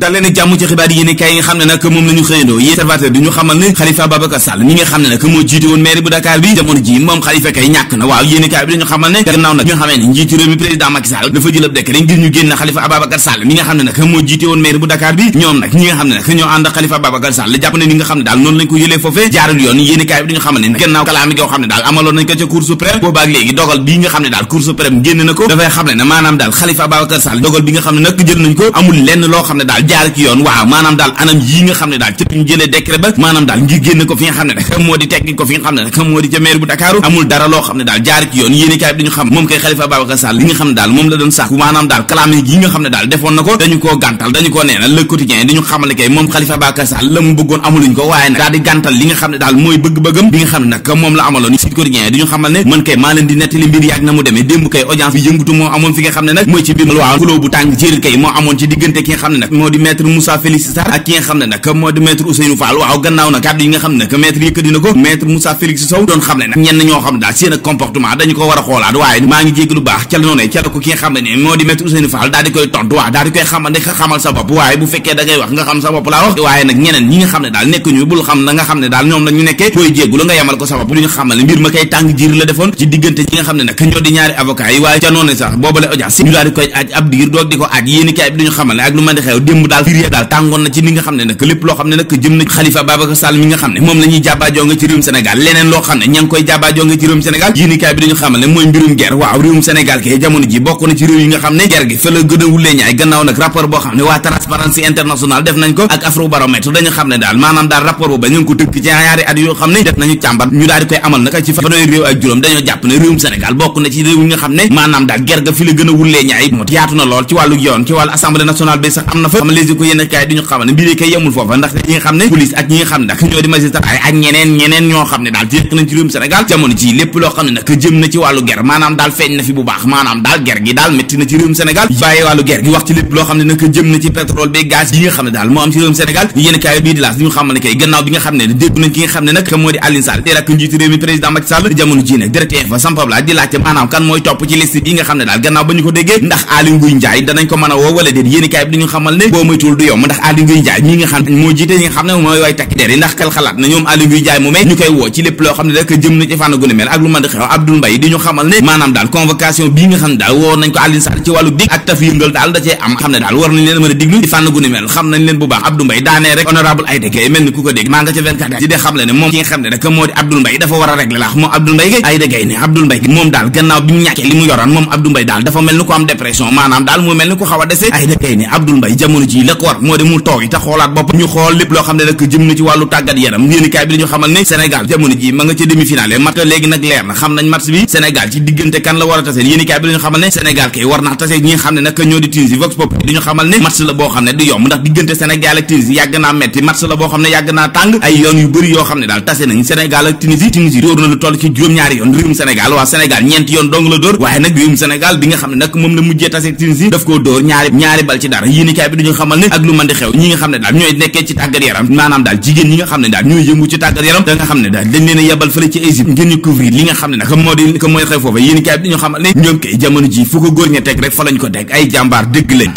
dal leen ak jàmm ci xibaar yi yéen kaay yi nga xam ne nag moom la ñu xëyandoo yi observateur du ñu xamal ne Khalifa Babacar Sall mi nga xam ne nag moo jiite woon maire bu Dakar bi jamono ji moom Khalifa kay ñàkk na waaw yéen kaay bi dañu xamal ne gannaaw nag ñu xamee ne njiitu réew mi président Macky Sall dafa jël ab décret ngir ñu génn Khalifa Ababacar Sall mi nga xam ne nag moo jiite woon maire bu Dakar bi ñoom nag ñi nga xam ne nag ñoo ànd ak Khalifa Babacar Sall jàpp ne ni nga xam ne daal noonu lañ ko yëlee foofee jaarul yoon yéen kaay bi dañu xamal ne gannaaw kalaami goo xam ne daal amaloon nañ ko ca Cour suprême boobaak léegi dogal bi nga xam ne daal Cour suprême génn na ko dafay xam ne na maanaam daal Khalifa Babacar Sall dogal bi nga xam ne nag jël nañ ko amul lenn loo xam ne daal jaar ci yoon waaw maanaam daal anam yii nga xam ne daal ci ñu jëlee décret ba maanaam daal ngir mooy bëgg-bëggam bi nga xam ne nag moom la amaloon Sud Quotidien dañu xamal ne man kay maa leen di nettali mbir yaag na mu demee démb kay audience bi yëngutu moo amoon fi nga xam ne nag mooy ci mbir waaw xuloo bu tàng jër kay yi moo amoon ci diggante ki nga xam ne nag moo di maître Moussa Félix Sarr ak ki nga xam ne nag moo di maître Ousseynou Fall waaw gannaaw nag kàddu yi nga xam ne nag maître yëkkati na ko maître Moussa Félix Sow doon xam ne nag ñenn ñoo xam ne daal seen ak comportement dañu ko war a xoolaat waaye maa ngi jégg lu baax ca la noonu ca la ko ki nga xam ne ne moo di maître Ousseynou Fall daal di koy tontu waaw daal di koy xamal ne xamal sa bopp waaye bu fekkee da ngay wax nga xam sa bopp laa wax waaye nag ñeneen ñi nga xam ne daal nekk ñu bul xam na nga xam ne daal ñoom lañu nekkee booy jéggu la nga yemal ko sa bopp lu ñu xamal mbir ma kay tàng jiir la defoon ci diggante ñi nga xam ne nag ñoo di ñaari avocat yi waaye ca noonu sax boobale audience ñu daal di koy aaj ab diir doog di ko aaj yéenekaay bi dañu xamal ne ak lu ma di xew démb daal firiya daal tàngoon na ci ni nga xam ne nag lépp loo xam ne nag jëm na ne xam ne bokk na nga a ne waa Transparency International def nañ ko ak Afrobaromètre dañu xam ne daal maanaam daal rapport booba ñu ngi ko tëkk ci ñaari at yoo xam ne def nañu càmbar ñu daal di koy amal nag ci fanweeri réew ak juróom dañoo jàpp ne réewum Sénégal bokk na ci réew yi nga xam ne maanaam daal guerre ga fi la gën a wulee ñaay yaatu na lool ci wàllu yoon ci wàllu assemblée nationale bi sax am na fa xam léegi ko yéen kaay du ñu xamal ne mbir kay yemul foofa ndax ci nga xam ne nag moo mooy topp ci liste bi nga xam ne daal gannaaw ba ñu ko déggee ndax Aly Ngouille danañ ko mën a woo wala déet di xew Abdoul Mbaye de di Abdoul Mbaye dafa war a régler laax moom Abdoul Mbaye Gueye Aïda Gueye ne Abdoul Mbaye moom daal gannaaw bi mu ñàkkee li mu yoroon moom Abdoul Mbaye daal dafa mel ni ko am dépression maanaam daal mu mel ni ko xaw dese ay dafay ne Abdoul Mbaye jamono ji la ko moo de mu toog te xoolaat bopp ñu xool lépp loo xam ne nag jëm na ci wàllu tàggat yaram yéenekaay bi dañu xamal ne Sénégal jamono ji ma nga ca demi-finale na xam nañ match bi Sénégal ci kan la war a tase yéenekaay bi dañu xamal ne xam ne nag ñoo di Tunisie Vox Populi dañu xamal ne match la boo xam ne du yomb ndax diggante Sénégal ak Tunisie yàgg naa metti match la boo xam ne yàgg naa tàng ay yoon yu bëri yoo xam ne daal tase nañ Sénégal ak Tunisie Tunisie dóor na lu toll ci juróom-ñaari yoon réewum bi nga xam ne nag moom ñaari ñaari bal ci dara yéenekaay bi duñu xamal ne ak lu mën di xew ñi nga xam ne daal ñooy nekkee ci tàggat yaram maanaam daal jigéen ñi nga xam ne daal ñooy yëngu ci tàggat yaram da xam ne daal dañ a yebal fële xam ne nag moo xew foofa yéenekaay bi duñu xamal ne ñoom kay jamono ji fu ko góor ña teg rek fa ko teg ay jàmbaar dëgg lañ